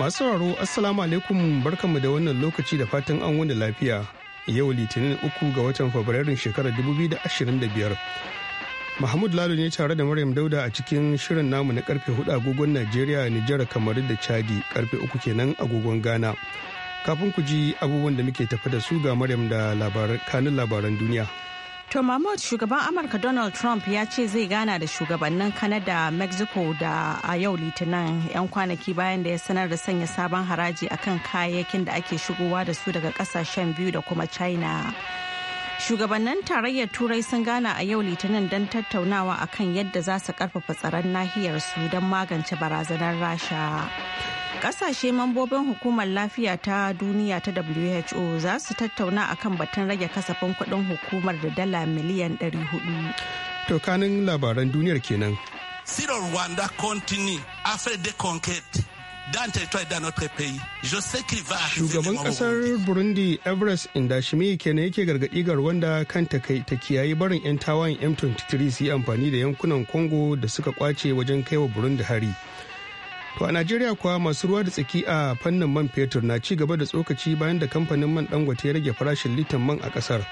Masu sauraro Assalamu alaikum barkanmu da wannan lokaci da fatan an wani lafiya. Yau Litinin uku ga watan Fabrairun shekarar 2025. Mahmud Lalo ne tare da Maryam Dauda a cikin shirin namu na karfe hudu agogon Najeriya, Nijar, kamaru da Chadi karfe uku kenan agogon Ghana. Kafin ku ji abubuwan da muke tafa da su ga Maryam da kanin labaran duniya. To Mahmud shugaban Amurka Donald Trump ya ce zai gana da shugabannin kanada Mexico da a yau Litinin 'yan kwanaki bayan da ya sanar da sanya sabon haraji akan kayayyakin da ake shigowa da su daga kasashen biyu da kuma China. Shugabannin tarayyar Turai sun gana a yau Litinin don tattaunawa akan yadda za su karfafa tsaron nahiyar su don magance barazanar Rasha. Kasashe mambobin hukumar lafiya ta duniya ta WHO za su tattauna akan batun rage kasafin kudin hukumar da dala miliyan 400. To kanin labaran duniyar kenan. Sirar Rwanda continue after the Shugaban kasar Burundi Everest Indashimi kenan yake gargaɗi ga Rwanda kan ta kiyaye barin 'yan tawayen M23 su yi amfani da yankunan Congo da suka kwace wajen kaiwa Burundi hari. To a Najeriya kuwa masu ruwa da tsaki a fannin man fetur na ci gaba da tsokaci bayan da kamfanin man dangote ya rage farashin litan man a kasar.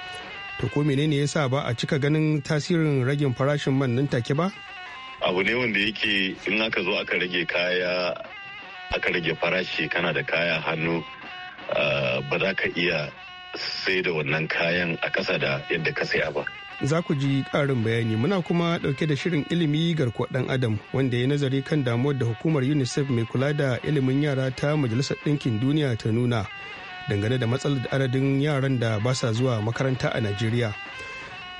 To ko menene ya sa ba a cika ganin tasirin ragin farashin man nan take ba? Abu ne wanda yake in aka zo aka rage kaya aka rage farashi kana da kaya hannu ah, ba za ka iya sai da wannan kayan a ƙasa da yadda ka saya ba. za ku ji ƙarin bayani muna kuma ɗauke da shirin ilimi garkuwar ɗan adam wanda ya nazari kan damuwar da hukumar unicef mai kula da ilimin yara ta majalisar ɗinkin duniya ta nuna dangane da matsalar adadin yaran da ba sa zuwa makaranta a najeriya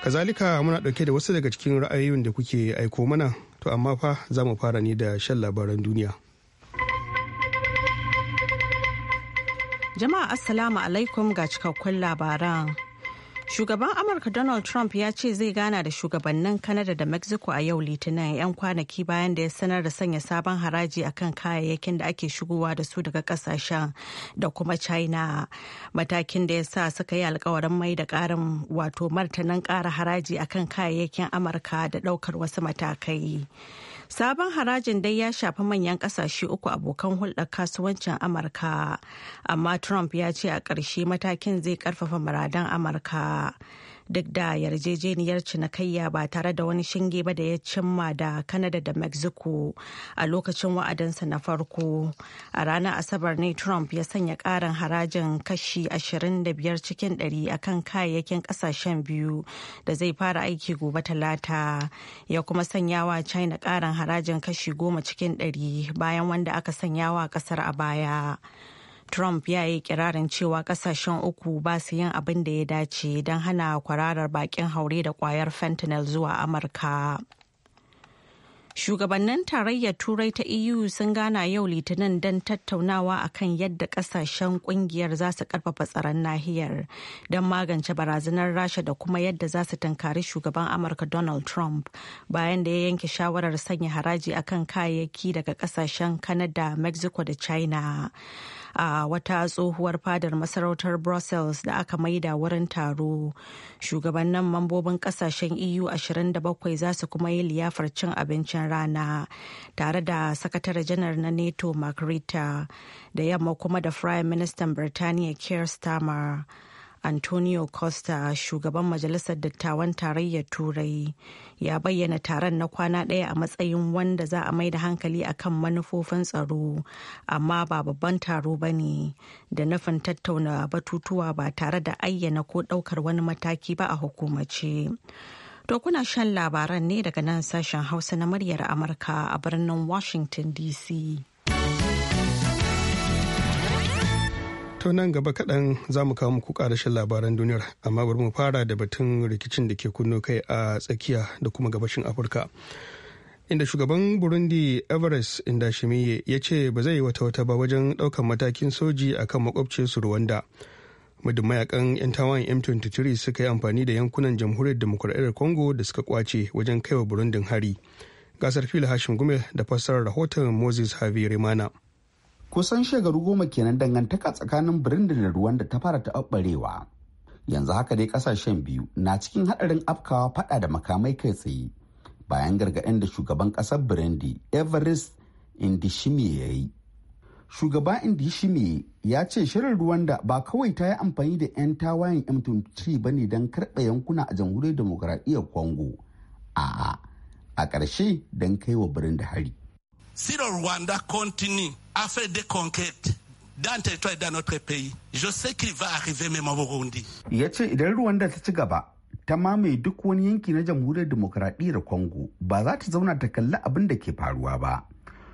kazalika muna ɗauke da wasu daga cikin ra'ayoyin da kuke aiko mana to amma fa za mu fara ne da shan labaran duniya jama'a assalamu alaikum ga cikakkun labaran Shugaban Amurka Donald Trump ya ce zai gana da shugabannin Canada da Mexico a yau Litinin 'yan kwanaki bayan da ya sanar da sanya sabon haraji akan kayayyakin da ake shigowa da su daga kasashen da kuma China. Matakin da ya sa suka yi alkawarin mai da karin wato martanin kara haraji akan kayayyakin Amurka da daukar wasu matakai. Sabon harajin dai ya shafi manyan kasashe uku abokan hulɗar kasuwancin Amurka, amma Trump ya ce a ƙarshe matakin zai ƙarfafa muradan Amurka. duk da yarjejeniyar cinikayya ba tare da wani shinge ba da ya cimma da Kanada da Mexico a lokacin wa'adinsa na farko. A ranar Asabar ne Trump ya sanya ƙarin harajin kashi 25 cikin 100 kan kayayyakin ƙasashen biyu da zai fara aiki gobe talata ya kuma sanya wa China ƙarin harajin kashi 10 cikin 100 bayan wanda aka sanya wa ƙasar a baya. Trump ya yi kirarin cewa kasashen uku ba su yin abin da ya dace don hana kwararar bakin haure da kwayar fentanyl zuwa Amurka. Shugabannin tarayyar Turai ta EU sun gana yau Litinin don tattaunawa akan yadda kasashen kungiyar za su karfafa tsaron nahiyar don magance barazanar Rasha da kuma yadda za su tankari shugaban Amurka Donald Trump bayan da ya yanke shawarar sanya haraji akan kayayyaki daga kasashen kanada Mexico da China. a wata tsohuwar fadar masarautar brussels da aka maida wurin taro shugabannin mambobin kasashen eu 27 za su kuma yi liyafar cin abincin rana tare da sakatare janar na nato margarita da yamma kuma da prime Ministan birtaniya keir starmer antonio costa shugaban majalisar dattawan tarayyar turai ya bayyana taron na kwana ɗaya a matsayin wanda za a mai da hankali akan manufofin tsaro amma ba babban taro ba ne da nufin tattauna batutuwa ba tare da ayyana ko ɗaukar wani mataki ba a hukumace to kuna shan labaran ne daga nan sashen hausa na muryar amurka a birnin washington dc To nan gaba kaɗan za mu kawo muku ƙarashin labaran duniyar amma bari mu fara da batun rikicin da ke kunno kai a tsakiya da kuma gabashin Afirka. Inda shugaban Burundi Everest shimiye ya ce ba zai wata wata ba wajen ɗaukan matakin soji akan su Rwanda. muddin mayakan 'yan tawayen m23 suka yi amfani da yankunan jamhuriyar demokuraɗiyyar congo da suka kwace wajen kaiwa burundin hari gasar fil hashim gume da fassarar rahoton moses harvey rimana kusan shekaru goma kenan dangantaka tsakanin birnin da ruwan da ta fara taɓarewa yanzu haka dai kasashen biyu na cikin haɗarin afkawa faɗa da makamai kai tsaye bayan gargaɗin da shugaban ƙasar burundi everest indishimiye ya yi shugaba indishimiye ya ce shirin ruwan da ba kawai ta yi amfani da 'yan tawayen m23 ba ne don karɓe yankuna a jamhuriyar demokuraɗiyyar congo a'a a ƙarshe don kai wa burundi hari. Rwanda continue afin des conquêtes le territoire dans notre pays. Je sais qu'il va arriver même au Burundi. Ya ce idan da ta ci gaba ta mamaye duk wani yanki na jamhuriyar demokuraɗiyyar Congo ba za ta zauna ta kalli abin da ke faruwa ba.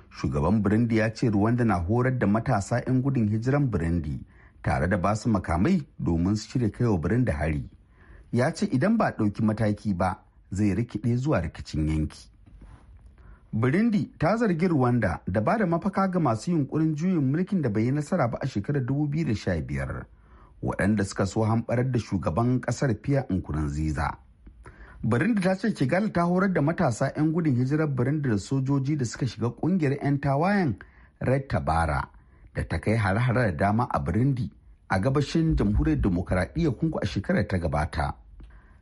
Shugaban Burundi ya ce ruwanda na horar da matasa 'yan gudun hijiran Burundi tare da basu makamai domin su shirya kai wa Burundi hari. Ya ce idan ba ɗauki mataki ba zai rikide zuwa rikicin yanki. Burundi ta zargi Rwanda da ba da mafaka ga masu yunkurin juyin mulkin da bai yi nasara ba a shekarar 2015 waɗanda suka so hamɓarar da shugaban ƙasar Fiya Nkurunziza. Burundi ta ce Kigali ta horar da matasa 'yan gudun hijirar Burundi da sojoji da suka shiga ƙungiyar 'yan tawayen Red Tabara da ta kai hare-hare da dama a Burundi a gabashin jamhuriyar demokaradiyyar kunku a shekarar ta gabata.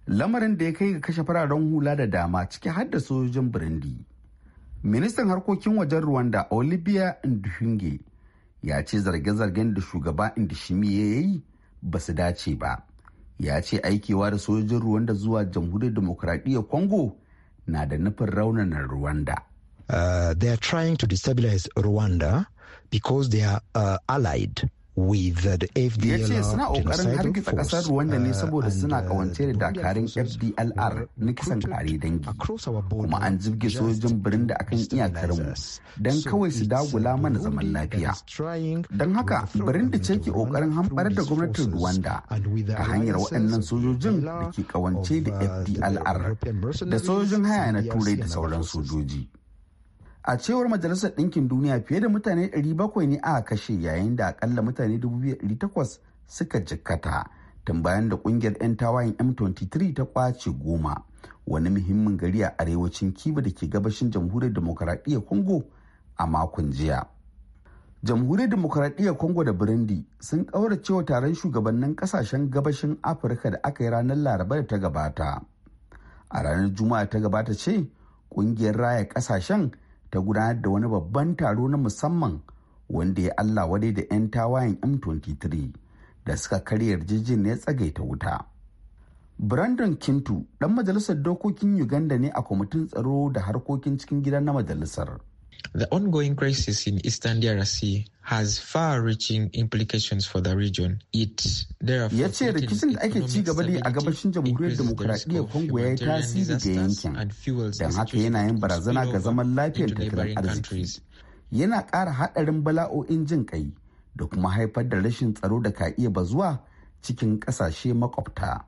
Lamarin da ya kai ga kashe fararen hula da dama ciki har da sojojin Burundi. ministan harkokin wajen rwanda olivia nduhunge ya ce zarge-zargen da shugaba indishimi ya yi ba su dace ba ya ce aikewa da sojojin rwanda zuwa jamhuriyar demokradiyya congo na da nufin raunanar rwanda Uh, they are trying to destabilize Rwanda because they are uh, allied with the FDLR ya ce suna ƙoƙarin hargitsa ƙasar Rwanda ne saboda suna uh, ƙawance da dakarun FDLR na kisan kare dangi kuma an jirge sojojin birnin da akan iyakarmu don kawai su dagula mana zaman lafiya don haka birnin da ce ke ƙoƙarin hambar da gwamnatin Rwanda ta hanyar waɗannan sojojin da ke ƙawance da FDLR da sojojin haya na turai da sauran sojoji. a cewar majalisar ɗinkin duniya fiye da mutane 700 ne a kashe yayin da akalla mutane 2,800 suka jikkata tun bayan da ƙungiyar 'yan tawayen m23 ta kwace goma wani muhimmin gari a arewacin kiba da ke gabashin jamhuriyar demokaradiyyar congo a makon jiya jamhuriyar demokaradiyyar Kongo da burundi sun kauracewa taron shugabannin ƙasashen gabashin afirka da aka yi ranar laraba da ta gabata a ranar juma'a ta gabata ce ƙungiyar raya ƙasashen. ta gudanar da wani babban taro na musamman wanda ya Allah wadai da 'yan tawayen M23 da suka karyar karya ne tsagaita wuta. Brandon Kintu ɗan majalisar dokokin Uganda ne a kwamitin tsaro da harkokin cikin gida na majalisar. The ongoing crisis in eastern DRC has far-reaching implications for the region. It therefore ya ce rikicin da ake ci gaba da a gabashin jamhuriyar demokuraɗiyyar kongo ya yi tasiri ga yankin, don haka yana yin barazana ga zaman lafiyar tattalin arziki. Yana ƙara haɗarin bala'o'in jin ƙai da kuma haifar da rashin tsaro da ka iya bazuwa cikin ƙasashe makwabta.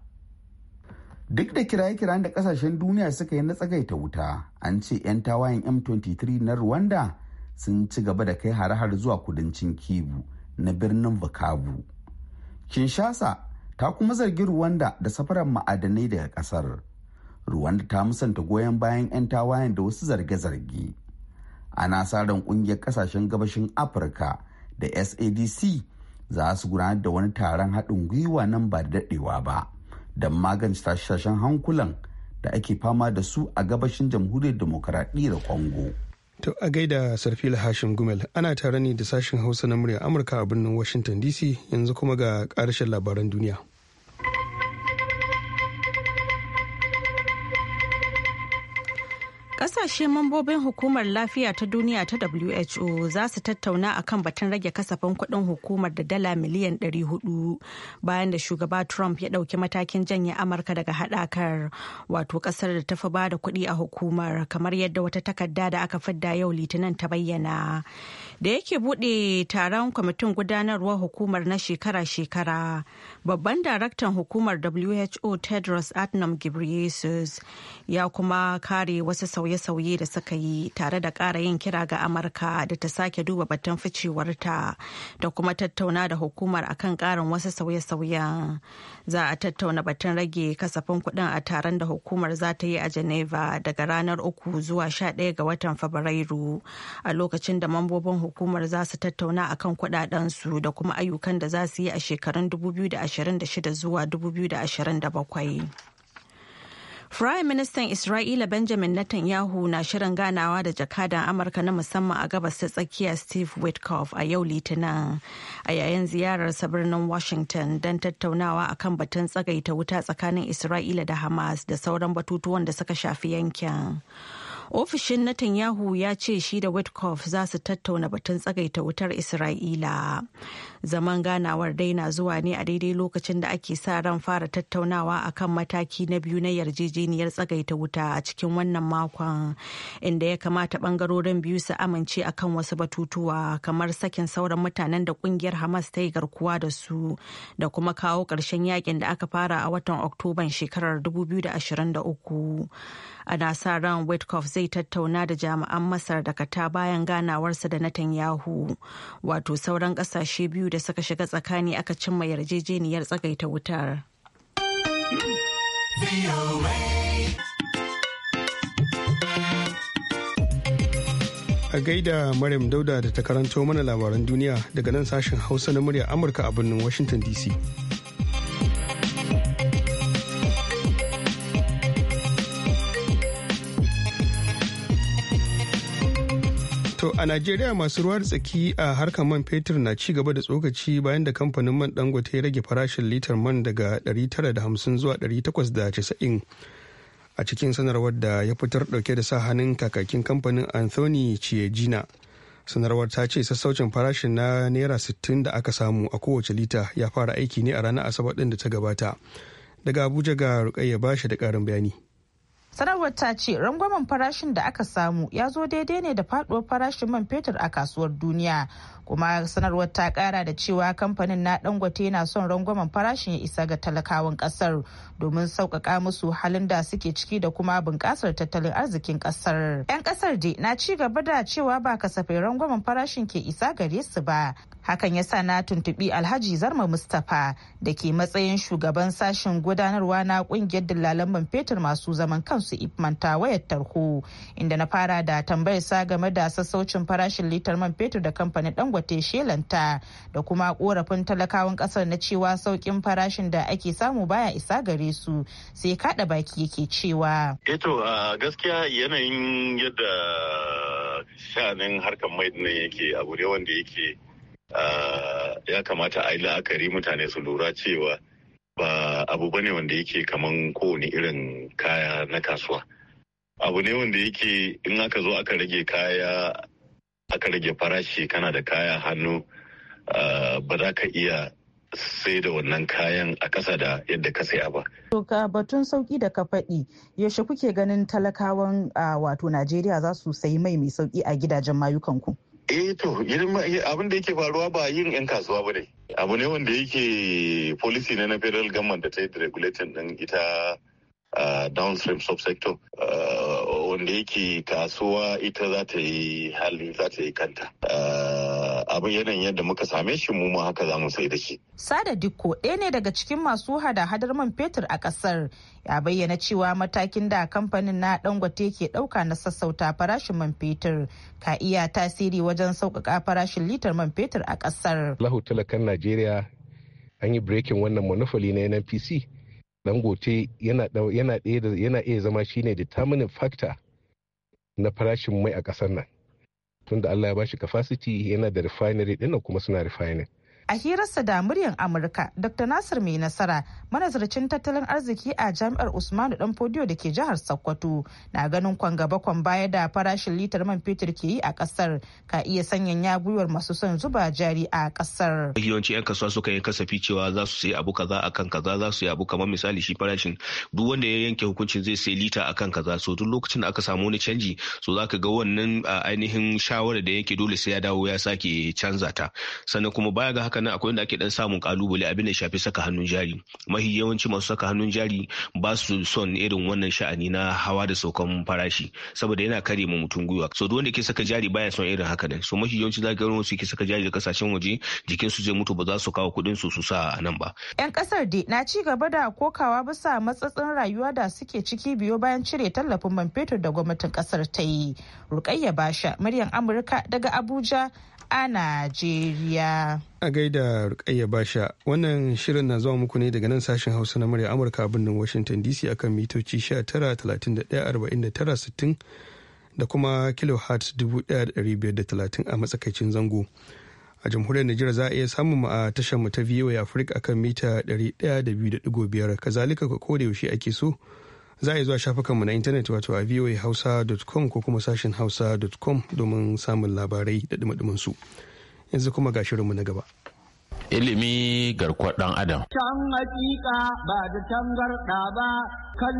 duk da kiraye kiraye da kasashen duniya suka yi na tsagaita wuta an ce 'yan tawayen m23 na rwanda sun ci gaba da kai har-har zuwa kudancin kibu na birnin bukavu kinshasa ta kuma zargi rwanda da safarar ma'adanai daga kasar rwanda ta musanta goyon bayan 'yan tawayen da wasu zarge-zarge ana sa ran kungiyar kasashen gabashin afirka da sadc za su gudanar da wani taron haɗin gwiwa nan ba da daɗewa ba dan magance tashashen hankulan da ake fama da su a gabashin jamhuriyar demokaradiyyar Congo. To a gaida sarfi Hashim Gumel ana tare ne da sashen Hausa na murya Amurka a birnin Washington DC yanzu kuma ga ƙarshen labaran duniya. Ƙasashen mambobin hukumar lafiya ta duniya ta WHO za su tattauna kan batun rage kasafin kuɗin hukumar da dala miliyan 400 bayan da shugaba Trump ya ɗauki matakin janye Amurka daga haɗakar wato ƙasar da ta fi ba da kuɗi a hukumar kamar yadda wata takarda da aka fidda yau litinin ta bayyana. Da yake buɗe taron kwamitin gudanarwar hukumar na shekara-shekara babban daraktan hukumar WHO Tedros Adhanom Ghebreyesus ya kuma kare wasu sauye-sauye da suka yi tare da ƙara yin kira ga amurka da ta sake duba batun ficewarta da kuma tattauna da hukumar akan ƙarin wasu sauye-sauyen za a tattauna batun rage kasafin kuɗin a taron da hukumar za ta yi a geneva daga ranar uku zuwa 11 ga watan fabrairu a lokacin da mambobin hukumar za su tattauna akan kuɗaɗensu da kuma ayyukan da za su yi a shekarun 2026 zuwa 2027 Prime Ministan Isra'ila Benjamin Netanyahu na shirin ganawa da jakadan Amurka na musamman a gabas ta tsakiya Steve Witkoff a yau Litinin a yayin ziyararsa birnin Washington don tattaunawa akan batun tsagaita wuta tsakanin Isra'ila da Hamas da sauran batutuwan da suka shafi yankin. ofishin netanyahu ya ce shi da witkoff za su tattauna batun tsagaita wutar isra'ila zaman ganawar dai na zuwa ne a daidai lokacin da ake sa ran fara tattaunawa a kan mataki na biyu na yarjejeniyar tsagaita wuta a cikin wannan makon inda ya kamata bangarorin biyu su amince a kan wasu batutuwa kamar sakin sauran mutanen da kungiyar hamas ta yi garkuwa da su da kuma kawo ƙarshen yakin da aka fara a watan oktoban shekarar 2023 ana sa ran witkoff zai tattauna da jami'an masar da kata bayan ganawarsa da netanyahu wato sauran kasashe biyu da suka shiga tsakani aka cimma yarjejeniyar tsagaita wutar a gaida Maryam Dauda da ta karanto mana labaran duniya daga nan sashen Hausa na murya Amurka a birnin Washington DC. To a Najeriya masu ruwa da tsaki a harkar man fetur na ci gaba da tsokaci bayan da kamfanin man dangote ya rage farashin litar man daga 950 zuwa 890 a cikin sanarwar da ya fitar dauke da sa hannun kakakin kamfanin Anthony Chiejina. Sanarwar ta ce sassaucin farashin na naira 60 da aka samu a kowace lita ya fara aiki ne a ranar asabar ɗin da ta gabata. Daga Abuja ga Rukayya bashi da karin bayani. sanarwar ta ce rangwamen farashin da aka samu ya zo daidai ne da faduwar farashin man fetur a kasuwar duniya kuma sanarwar ta kara da cewa kamfanin na dangote na son rangwamen farashin ya isa ga talakawan kasar domin sauƙaƙa musu halin da suke ciki da kuma bunƙasar tattalin arzikin kasar yan kasar dai na ci gaba da cewa ba kasafai rangwamen farashin ke isa gare su ba hakan ya sa na tuntubi alhaji zarma mustapha da ke matsayin shugaban sashen gudanarwa na kungiyar dillalan man fetur masu zaman kansu ta wayar tarho inda na fara da tambayar sa game da sassaucin farashin litar man fetur da kamfanin dangote shelanta da kuma korafin talakawan kasar na cewa saukin farashin da ake samu baya isa gare su sai kada baki yake cewa eto eh gaskiya yanayin yadda sha'anin harkar mai yake a wanda yake ya kamata a yi la'akari mutane su lura cewa ba abu bane wanda yake kaman kowane irin kaya na kasuwa abu ne wanda yake in aka zo aka rage kaya aka rage farashi kana da kaya hannu ba za ka iya sai da wannan kayan a ƙasa da yadda ka saya ba. To ka batun sauki da ka faɗi yaushe kuke ganin talakawan wato Najeriya za su sayi mai mai sauki a gidajen mayukanku? eh to eh, abin da yake faruwa ba yin 'yan kasuwa ba ne abu ne wanda yake policy ne na federal government da ta yi regulating din ita downstream subsector wanda yake kasuwa ita za ta yi hali za ta yi kanta abin yanayin yadda muka same shi mu ma haka za mu sai da shi. Sada Dikko ɗaya ne daga cikin masu hada-hadar man fetur a ƙasar ya bayyana cewa matakin da kamfanin na Dangote ke ɗauka na sassauta farashin man fetur ka iya tasiri wajen sauƙaƙa farashin litar man fetur a ƙasar. Lahu talakan Najeriya an yi breaking wannan monopoly na NNPC. Dangote yana yana iya zama shine determining factor na farashin mai a ƙasar nan. tunda Allah ya bashi capacity yana da refinery dinnan kuma suna refining A hirarsa da muryar Amurka, Dr. Nasir mai nasara, manazarcin tattalin arziki a jami'ar Usmanu Dan Fodiyo da ke jihar Sokoto, na ganin kwan gaba baya da farashin litar man fetur ke yi a kasar ka iya ya gwiwar masu son zuba jari a kasar. Yawanci 'yan kasuwa suka yi kasafi cewa za su sayi abu kaza a kan kaza za su yi abu kamar misali shi farashin duk wanda ya yanke hukuncin zai sayi lita a kan kaza so duk lokacin da aka samu wani canji so za ka ga wannan ainihin shawarar da yanke dole sai ya dawo ya sake canza ta sannan kuma baya ga haka haka nan akwai wanda ake dan samun kalubale abin da shafi saka hannun jari mahi yawanci masu saka hannun jari ba su son irin wannan sha'ani na hawa da saukan farashi saboda yana kare ma mutum gwiwa so duk wanda ke saka jari baya son irin haka nan so mahi yawanci zaka ga wasu ke saka jari da kasashen waje jikin su zai mutu ba za su kawo kuɗin su su sa a nan ba yan kasar dai na ci gaba da kokawa bisa matsatsin rayuwa da suke ciki biyo bayan cire tallafin man fetur da gwamnatin kasar ta yi rukayya basha muryan amurka daga abuja a Najeriya. A gaida Rukayya Basha, wannan shirin na zuwa muku ne daga nan sashen Hausa na murya Amurka a birnin Washington DC akan mitoci 19,31,49,60 da kuma kilohertz 1,530 a matsakaicin zango. A jamhuriyar Nijar za a iya samun mu a tashar mu ta VOA Africa akan mita 102.5 kazalika ko da yaushe ake so. za a zuwa shafukanmu na intanet wato a voahausa.com ko kuma sashen hausa.com domin samun labarai da dumadumansu yanzu kuma ga shirinmu na gaba. ilimi garkuwar ɗan adam. Can hakika ba da tangarɗa ba kan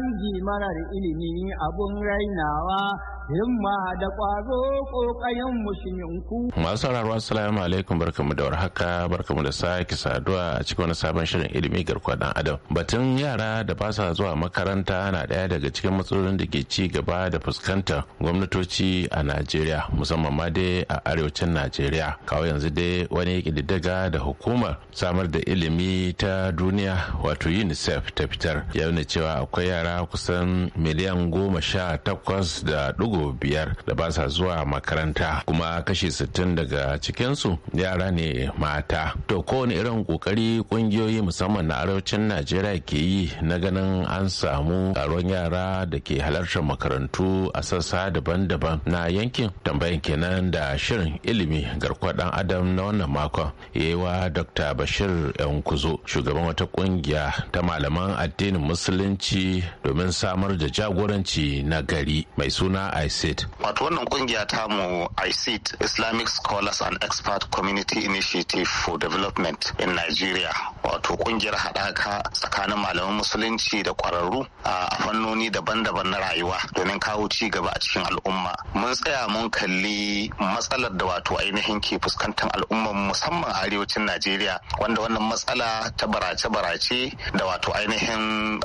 marar ilimi abun rainawa himma da ƙwazo ƙoƙayen musulminku. Masu sauraro assalamu alaikum barkamu da warhaka barkamu da sake saduwa a cikin wani sabon shirin ilimi garkuwar ɗan adam. Batun yara da ba sa zuwa makaranta na ɗaya daga cikin matsalolin da ke ci gaba da fuskantar gwamnatoci a Najeriya musamman ma dai a arewacin Najeriya. Kawo yanzu dai wani ƙididdiga da hukuma hukumar samar da ilimi ta duniya wato unicef ta fitar ya nuna cewa akwai yara kusan miliyan goma sha takwas da dugo biyar da ba sa zuwa makaranta kuma kashi sittin daga cikinsu yara ne mata to kowane irin kokari kungiyoyi musamman na arewacin najeriya ke yi na ganin an samu karuwan yara da ke halartar makarantu a sassa daban-daban na yankin tambayin kenan da shirin ilimi garkuwar dan adam na wannan makon ewa da dr bashir yankuzo shugaban wata kungiya ta malaman addinin musulunci domin samar da jagoranci na gari mai suna isit e wato wannan kungiya ta mu isit e islamic scholars and expert community initiative for development in nigeria wato kungiyar haɗaka tsakanin malaman musulunci da kwararru a fannoni daban-daban na rayuwa domin kawo ci gaba a cikin al'umma mun tsaya mun kalli matsalar da wato ainihin ke fuskantar al'ummar musamman arewacin najeriya najeriya wanda wannan matsala ta barace-barace da wato ainihin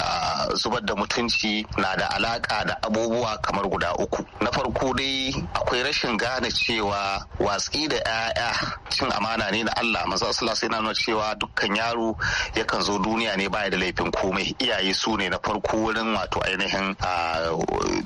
zubar da mutunci na da alaka da abubuwa kamar guda uku na farko dai akwai rashin gane cewa watsi da 'ya'ya cin amana ne na allah masu asala sai na nuna cewa dukkan yaro yakan zo duniya ne baya da laifin komai iyaye su ne na farko wurin wato ainihin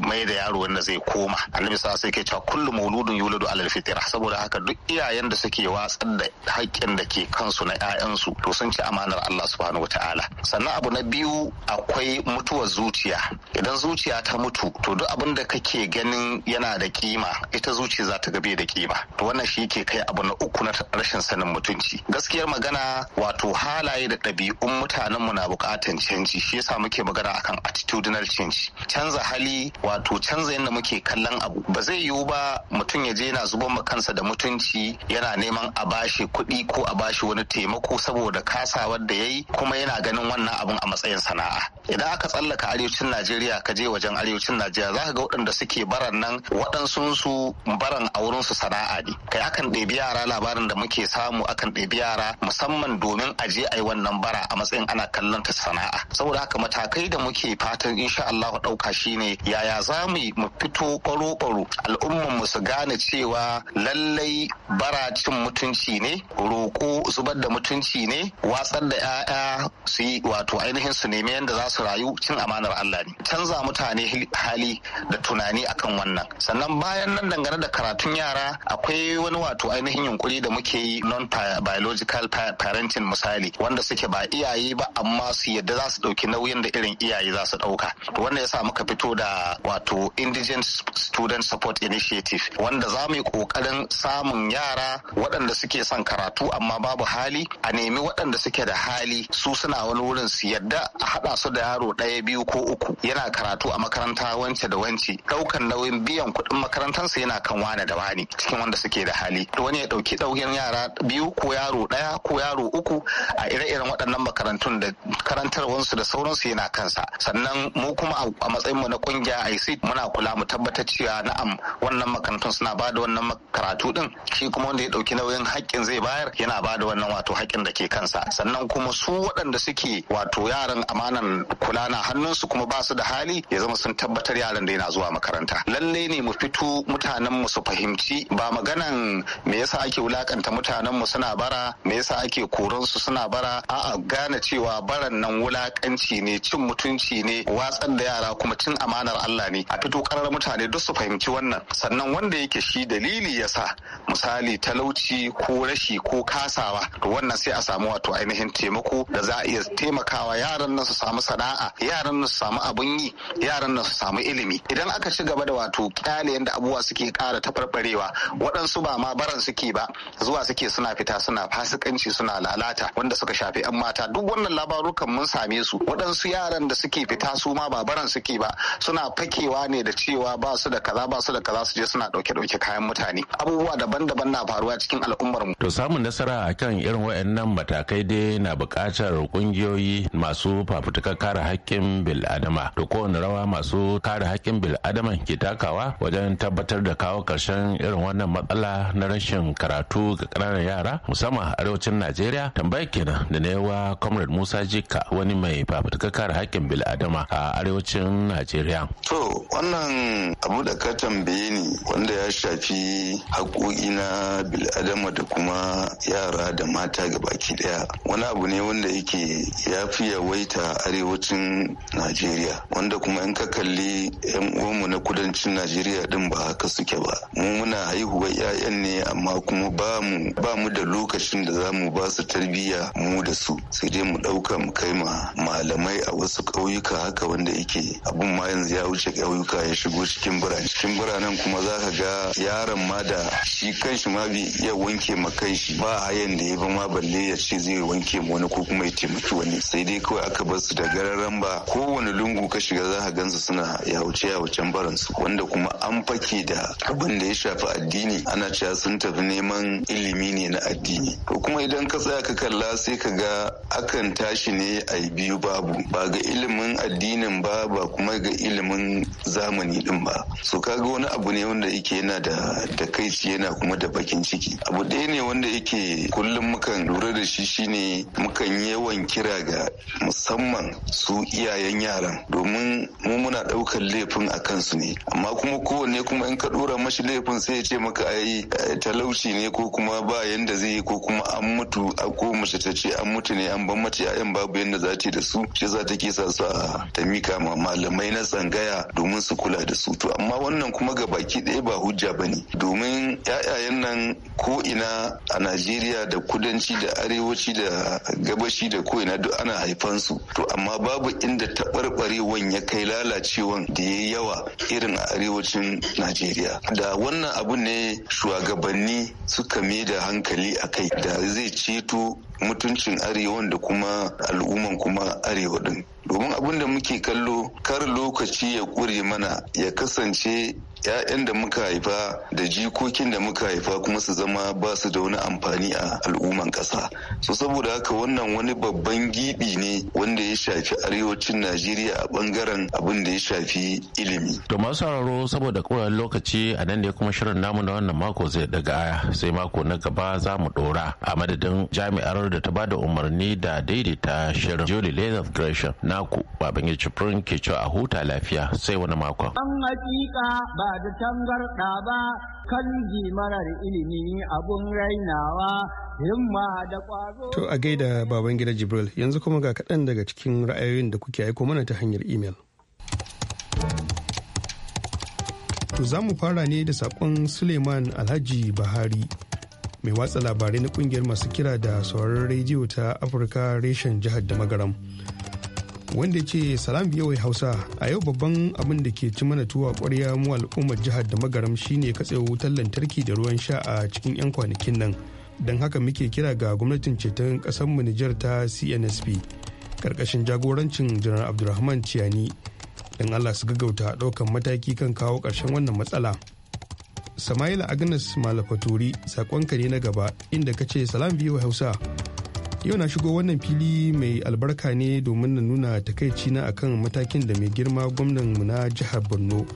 mai da yaro wanda zai koma annabi sa sai ke cewa kullum mauludun yuladu alal fitra saboda haka duk iyayen da suke watsar da haƙƙin da ke kansu su na ƴaƴansu to sun ci amanar Allah subhanahu wataala sannan abu na biyu akwai mutuwar zuciya idan zuciya ta mutu to duk abin da kake ganin yana da kima ita zuciya za ta gabe da kima to wannan shi ke kai abu na uku na rashin sanin mutunci gaskiyar magana wato halaye da ɗabi'un mutanen mu na bukatan canji shi yasa muke magana akan attitudinal change canza hali wato canza yadda muke kallon abu ba zai yiwu ba mutum ya je yana zuban ma kansa da mutunci yana neman a bashi kuɗi ko a bashi wani da taimako saboda kasawar da ya kuma yana ganin wannan abin a matsayin sana'a idan aka tsallaka arewacin najeriya ka je wajen arewacin najeriya za ka ga waɗanda suke baran nan waɗansu su baran a wurin sana'a ne kai akan ɗebi yara labarin da muke samu akan ɗebi yara musamman domin a je a yi wannan bara a matsayin ana kallon ta sana'a saboda haka matakai da muke fatan insha Allah ɗauka shine yaya za mu mu fito kwaro-kwaro al'umman mu su gane cewa lallai bara cin mutunci ne roƙo zubar watsar da mutunci ne watsar da 'ya'ya su yi wato ainihin su nemi yadda za su rayu cin amanar Allah ne canza mutane hali da tunani akan wannan sannan bayan nan dangane da karatun yara akwai wani wato ainihin yunkuri da muke yi non biological parenting misali wanda suke ba iyaye ba amma su yadda za su ɗauki nauyin da irin iyaye za su ɗauka wanda yasa muka fito da wato indigent student support initiative wanda za mu yi ƙoƙarin samun yara waɗanda suke son karatu amma babu hali hali a nemi waɗanda suke da hali su suna wani wurin su yadda a haɗa su da yaro ɗaya biyu ko uku yana karatu a makaranta wance da wance ɗaukan nauyin biyan kuɗin makarantarsa yana kan wane da wani cikin wanda suke da hali wani ya ɗauki ɗaukin yara biyu ko yaro ɗaya ko yaro uku a ire-iren waɗannan makarantun da karantarwansu da sauransu yana kansa sannan mu kuma a matsayin mu na kungiya IC muna kula mu tabbatar cewa na'am wannan makarantun suna ba da wannan karatu din shi kuma wanda ya ɗauki nauyin haƙƙin zai bayar yana ba da wannan na wato haƙƙin da ke kansa sannan kuma su waɗanda suke wato yaran amanan kula na hannunsu kuma basu da hali ya zama sun tabbatar yaran da yana zuwa makaranta lalle ne mu fito mutanen mu su fahimci ba maganan me yasa ake wulakanta mutanen mu suna bara me yasa ake koran su suna bara a'a gane cewa baran nan wulakanci ne cin mutunci ne watsar da yara kuma cin amanar Allah ne a fito karar mutane duk su fahimci wannan sannan wanda yake shi dalili yasa misali talauci ko rashi ko kasawa to wannan sai a samu wato ainihin taimako da za a iya taimakawa yaran nan su samu sana'a yaran nan su samu abun yi yaran nan su samu ilimi idan aka ci gaba da wato kyale yanda abubuwa suke kara taɓarɓarewa waɗansu ba ma baran suke ba zuwa suke suna fita suna fasikanci suna lalata wanda suka shafi 'yan mata duk wannan labarukan mun same su waɗansu yaran da suke fita su ma ba baran suke ba suna fakewa ne da cewa ba su da kaza ba su da kaza su je suna ɗauke-ɗauke kayan mutane abubuwa daban-daban na faruwa cikin al'ummar mu to samun nasara akan irin waɗannan matakai dai na bukatar ƙungiyoyi masu fafutukar kare haƙƙin bil'adama Da kowane rawa masu kare haƙƙin bil'adama ke takawa wajen tabbatar da kawo ƙarshen irin wannan matsala na rashin karatu ga ƙananan yara musamman arewacin najeriya tambayar kenan da na yawa comrade musa jika wani mai fafutukar kare haƙƙin bil'adama a arewacin najeriya to wannan abu da ka tambaye ni wanda ya shafi haƙoƙi na bil'adama da kuma yara da mata ga baki daya wani abu ne wanda yake ya fi yawaita arewacin najeriya wanda kuma in ka kalli yan uwanmu na kudancin najeriya din ba haka suke ba mu muna haihuwar 'ya'yan ne amma kuma ba mu da lokacin da za mu ba su tarbiyya mu da su sai dai mu ɗauka mu kai ma malamai a wasu ƙauyuka haka wanda yake abun ma yanzu ya wuce ƙauyuka ya shigo cikin birane cikin biranen kuma za ka ga yaron ma da shi kanshi ma bai iya wanke ma kanshi ba hayan da ya ba ma balle ya ce zai wanke mu wani ko kuma ya taimaki wani sai dai kawai aka bar su da gararan ba kowane lungu ka shiga za ka gansu suna ya wuce wucen yahucen su wanda kuma an fake da abin da ya shafi addini ana cewa sun tafi neman ilimi ne na addini ko kuma idan ka tsaya ka kalla sai ka ga akan tashi ne a biyu babu ba ga ilimin addinin ba ba kuma ga ilimin zamani din ba so kaga wani abu ne wanda yake yana da takaici yana kuma da bakin ciki abu ɗaya ne wanda yake kullum mukan lura da shi shine mukan yawan kira ga musamman su iyayen yaran domin mu muna ɗaukar laifin a kansu ne amma kuma kowanne kuma in ka dora mashi laifin sai ya ce maka ai eh, talauci ne ko kuma ba yanda zai yi ko kuma an mutu ko mace ta ce an mutu ne an ban mace yayan babu yanda za ta da su shi za ta sa su ta mika ma malamai na tsangaya domin su kula da su to amma wannan kuma ga baki ɗaya ba hujja bane domin yayayen nan ko ina a najeriya da kudu kudanci da arewaci da gabashi da ko'ina duk ana haifan su to amma babu inda taɓarɓarewan ya kai lalacewan da ya yawa irin a arewacin najeriya da wannan abu ne shugabanni suka mai da hankali a kai da zai ceto mutuncin arewan da kuma al'umman kuma arewa din domin abin da muke kallo kar lokaci ya ƙure mana ya kasance 'ya'yan da muka haifa da jikokin da muka haifa kuma su zama ba su da wani amfani a al'umman kasa so saboda haka wannan wani babban gibi ne wanda ya shafi arewacin najeriya a bangaren abin da ya shafi ilimi to masu sauraro saboda kowane lokaci a nan ne kuma shirin namu na wannan mako zai daga aya sai mako na gaba za mu dora a madadin jami'ar hukumar da ta ba da umarni da daidaita shirin Jolly of Gresham naku baban yace cifrin ke cewa a huta lafiya sai wani mako. An hakika ba da tangarɗa ba kan marar ilimi abun rainawa himma da ƙwazo. To a gaida baban gida Jibril yanzu kuma ga kaɗan daga cikin ra'ayoyin da kuke aiko mana ta hanyar imel. To za mu fara ne da saƙon Suleiman Alhaji Bahari mai watsa labarai na kungiyar masu kira da sauran rediyo ta afirka reshen jihar da magaram wanda ya ce salam yawai hausa a yau babban abin da ke ci mana tuwa kwarya mu al'ummar jihar da magaram shine katse wutar lantarki da ruwan sha a cikin 'yan kwanakin nan don haka muke kira ga gwamnatin ceton mu nijar ta cnsp karkashin jagorancin janar abdulrahman ciyani don allah su gaggauta daukan mataki kan kawo ƙarshen wannan matsala Samaila Agnes Malafaturi sakonka ne na gaba inda ka ce salam biyu Hausa. Yau na shigo wannan fili mai albarka ne domin na nuna takaici na akan matakin da mai girma gwamnan mu na jihar Borno,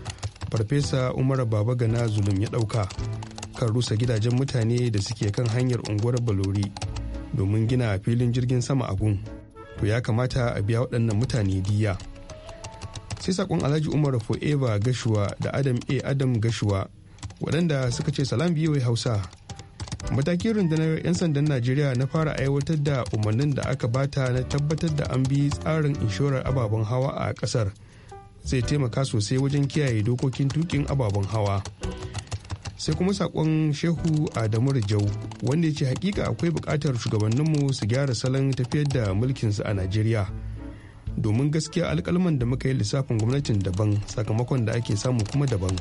Farfesa Umar Baba Babagana Zulum ya ɗauka kan rusa gidajen mutane da suke kan hanyar unguwar Balori domin gina filin jirgin sama a gun. To ya kamata a biya waɗannan mutane diya. sai sakon alhaji umar fo'eva gashuwa da adam a adam gashuwa waɗanda suka ce salam biyoyi hausa matakin rundunar 'yan sandan najeriya na fara aiwatar da umarnin da aka bata na tabbatar da an bi tsarin inshorar ababen hawa a ƙasar zai taimaka sosai wajen kiyaye dokokin tukin ababen hawa sai kuma sakon shehu adamu rijau wanda ya ce hakika akwai bukatar shugabanninmu su gyara salon tafiyar da mulkinsu a najeriya domin gaskiya alkalman da muka yi lissafin gwamnatin daban sakamakon da ake samu kuma daban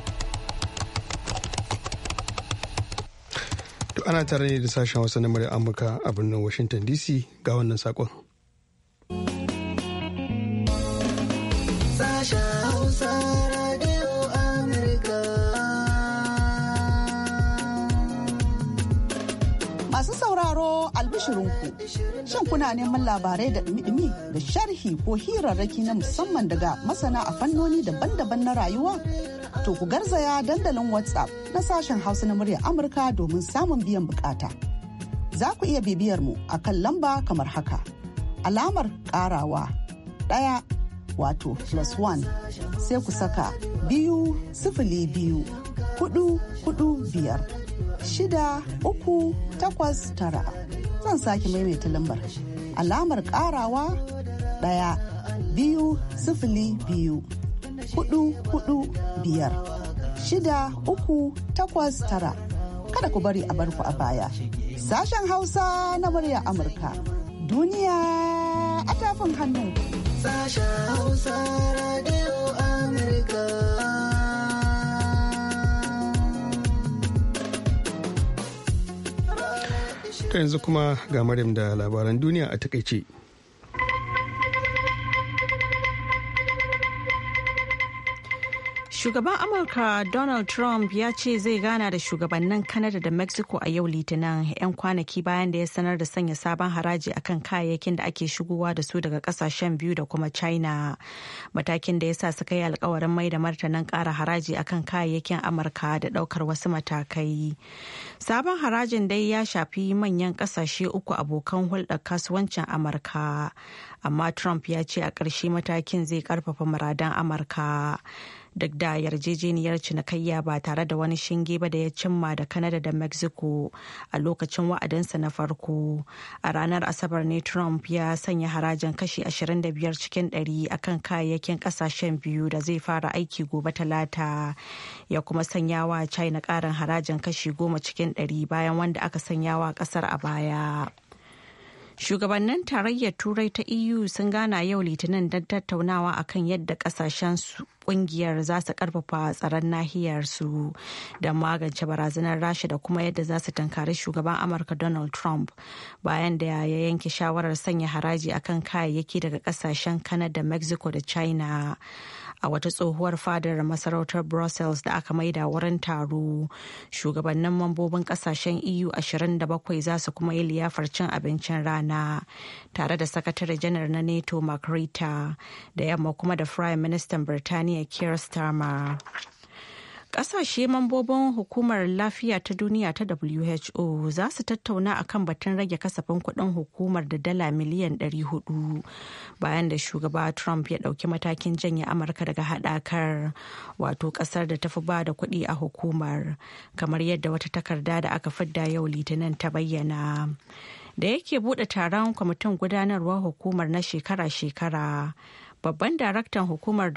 ana tare ne da sashen hausa na murya amurka a birnin washington dc ga wannan sakon. albishirinku shin kuna neman labarai da ɗumi-ɗumi da sharhi ko hirarraki na musamman daga masana a fannoni daban-daban na rayuwa to ku garzaya dandalin whatsapp na sashen hausa na muryar amurka domin samun biyan bukata za ku iya bibiyar mu a kan lamba kamar haka alamar karawa ɗaya wato plus one sai ku saka biyu sifili biyu kudu kudu biyar shida uku takwas tara zan sake maimaita lambar alamar karawa ɗaya biyu sifili biyu hudu hudu biyar shida uku takwas tara kada ku bari a barku a baya sashen hausa na murya amurka duniya a tafin hannu sashen hausa radio ta yanzu kuma ga Maryam da labaran duniya a takaice. Shugaban Amurka Donald Trump ya ce zai gana da shugabannin Canada da Mexico a yau Litinin 'yan kwanaki bayan da ya sanar da sanya sabon haraji akan kayayyakin da ake shigowa da su daga kasashen biyu da kuma China. Matakin da ya sa suka yi alkawarin mai da martanin kara haraji akan kayayyakin Amurka da daukar wasu matakai. Sabon harajin dai ya shafi manyan kasashe uku abokan hulɗar kasuwancin Amurka. Amma Trump ya ce a ƙarshe matakin zai ƙarfafa muradan Amurka. duk da yarjejeniyar cinikayya ba tare da wani shinge ba da ya cimma da kanada da mexico a lokacin wa'adinsa na farko a ranar asabar ne trump ya sanya harajin kashi 25 cikin 100 akan kayayyakin kasashen biyu da zai fara aiki gobe talata ya kuma sanya wa china karin harajin kashi 10 cikin 100 bayan wanda aka sanya wa kasar a baya Shugabannin tarayyar Turai ta EU sun gana yau Litinin don tattaunawa akan yadda kasashen kungiyar za su karfafa tsaron nahiyarsu da magance barazanar rasha da kuma yadda za su tankari shugaban amurka donald trump bayan da ya yanke shawarar sanya haraji akan kayayyaki daga kasashen canada mexico da china a wata tsohuwar fadar masarautar brussels da aka maida wurin taro shugabannin mambobin kasashen eu 27 za su kuma yi liyafar cin abincin rana tare da sakatare janar na nato mark da yamma kuma da prime ministan birtaniya keir starmer Ƙasashe mambobin hukumar lafiya ta duniya ta WHO za su tattauna kan batun rage kasafin kuɗin hukumar da dala miliyan 400 bayan da shugaba Trump ya ɗauki matakin janye Amurka daga haɗakar wato ƙasar da tafi ba da kuɗi a hukumar kamar yadda wata takarda da aka fidda yau litinin ta bayyana. Da yake buɗe taron kwamitin gudanarwa hukumar na shekara-shekara. babban daraktan hukumar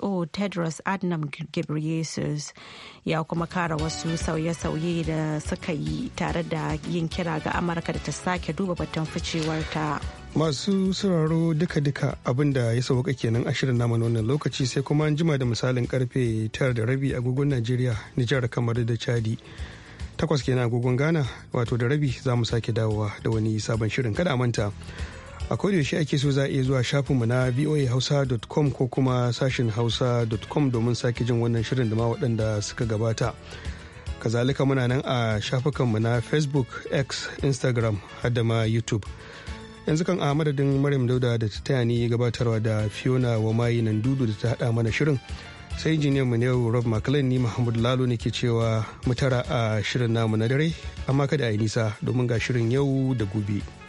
who tedros adnam ghebreyesus ya kuma kara wasu sauye-sauye da suka yi tare da yin kira ga amurka da ta sake duba batun ficewarta masu sauraro duka-duka abinda ya sauka kenan a shirin namu wannan lokaci sai kuma an jima da misalin karfe tara da rabi agogon najeriya nijar kamar da chadi takwas kenan agogon ghana wato da rabi za mu sake dawowa da wani sabon shirin kada a manta a yaushe ake so za a iya zuwa shafinmu na voahausa.com ko kuma sashin hausa.com domin sake jin wannan shirin da ma waɗanda suka gabata kazalika muna nan a shafukanmu na facebook x instagram har da ma youtube yanzu kan a madadin maryam dauda da ta taya ni gabatarwa da fiona wa mayi nan dudu da ta haɗa mana shirin sai injiniyan mu yau rob mclean ni muhammadu lalo ne ke cewa mutara a shirin namu na dare amma kada a yi nisa domin ga shirin yau da gobe.